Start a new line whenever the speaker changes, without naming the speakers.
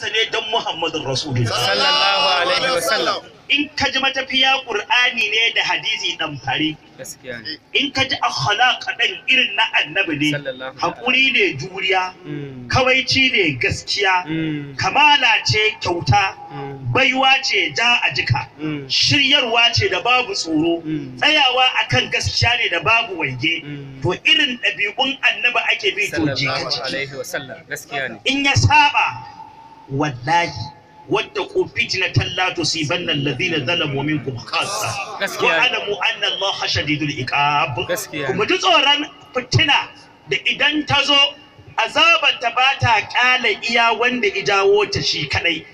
sa ne don Muhammadun Rasulullah. Sallallahu Alaihi Wasallam. In ka ji matafiya Ƙur'ani ne da hadisi ɗan fari. In ka ji akhlaq kaɗan irin na annabi ne, haƙuri ne juriya, hmm. kawaici ne gaskiya, hmm. kamala ce kyauta, hmm. baiwa ce ja a jika, shiryarwa ce da babu tsoro, tsayawa akan gaskiya ne da babu wange, To irin ɗabi'un annabi ake bi to jika In ya saba wallahi wadda ko fitnatan si tusibanna alladhina zalamu minkum khassa wa alamu anna allaha shadidul iqab kuma duk tsoron fitina da idan ta zo azaban ta bata kala iya wanda ijawo ta shi kadai